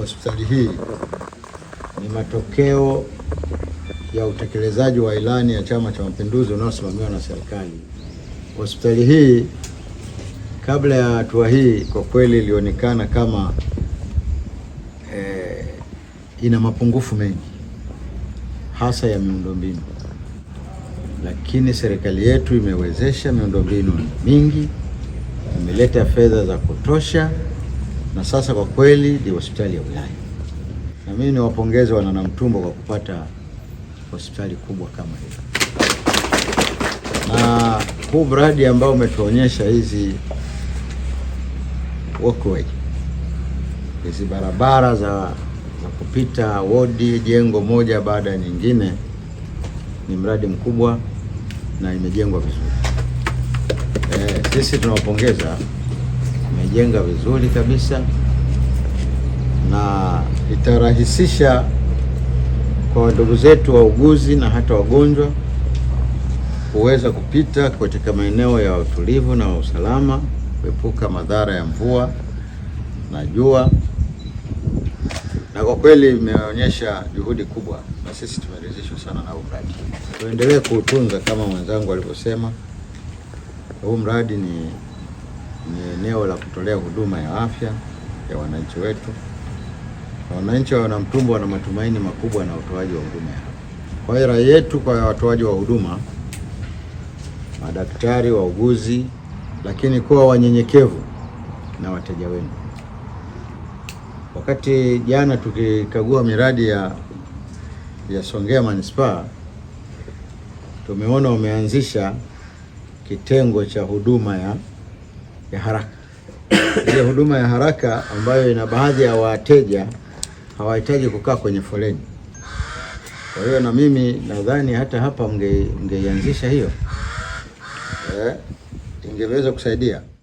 hospitali hii ni matokeo ya utekelezaji wa ilani ya Chama cha Mapinduzi unaosimamiwa na serikali. Hospitali hii kabla ya hatua hii kwa kweli ilionekana kama eh, ina mapungufu mengi hasa ya miundombinu, lakini serikali yetu imewezesha miundombinu mingi, imeleta fedha za kutosha na sasa kwa kweli ni hospitali ya wilaya, na mimi niwapongeze wana Namtumbo kwa kupata hospitali kubwa kama hii na huu mradi ambao umetuonyesha hizi walkway, hizi barabara za, za kupita wodi jengo moja baada ya nyingine, ni mradi mkubwa na imejengwa vizuri. Eh, sisi tunawapongeza imejenga vizuri kabisa na itarahisisha kwa ndugu zetu wauguzi na hata wagonjwa kuweza kupita katika maeneo ya utulivu na usalama, kuepuka madhara ya mvua na jua. Na kwa kweli imeonyesha juhudi kubwa, na sisi tumeridhishwa sana na mradi. Tuendelee kuutunza kama mwenzangu alivyosema, huu mradi ni ni eneo la kutolea huduma ya afya ya wananchi wetu. Wananchi wa Namtumbo wana matumaini makubwa na utoaji wa huduma ya afya. Kwa hiyo rai yetu kwa watoaji wa huduma, madaktari, wauguzi, lakini kuwa wanyenyekevu na wateja wenu. Wakati jana tukikagua miradi ya, ya Songea Manispaa tumeona umeanzisha kitengo cha huduma ya ya haraka ile huduma ya haraka ambayo ina baadhi ya wateja hawahitaji kukaa kwenye foleni. Kwa hiyo na mimi nadhani hata hapa mngeianzisha mge hiyo eh, ingeweza kusaidia.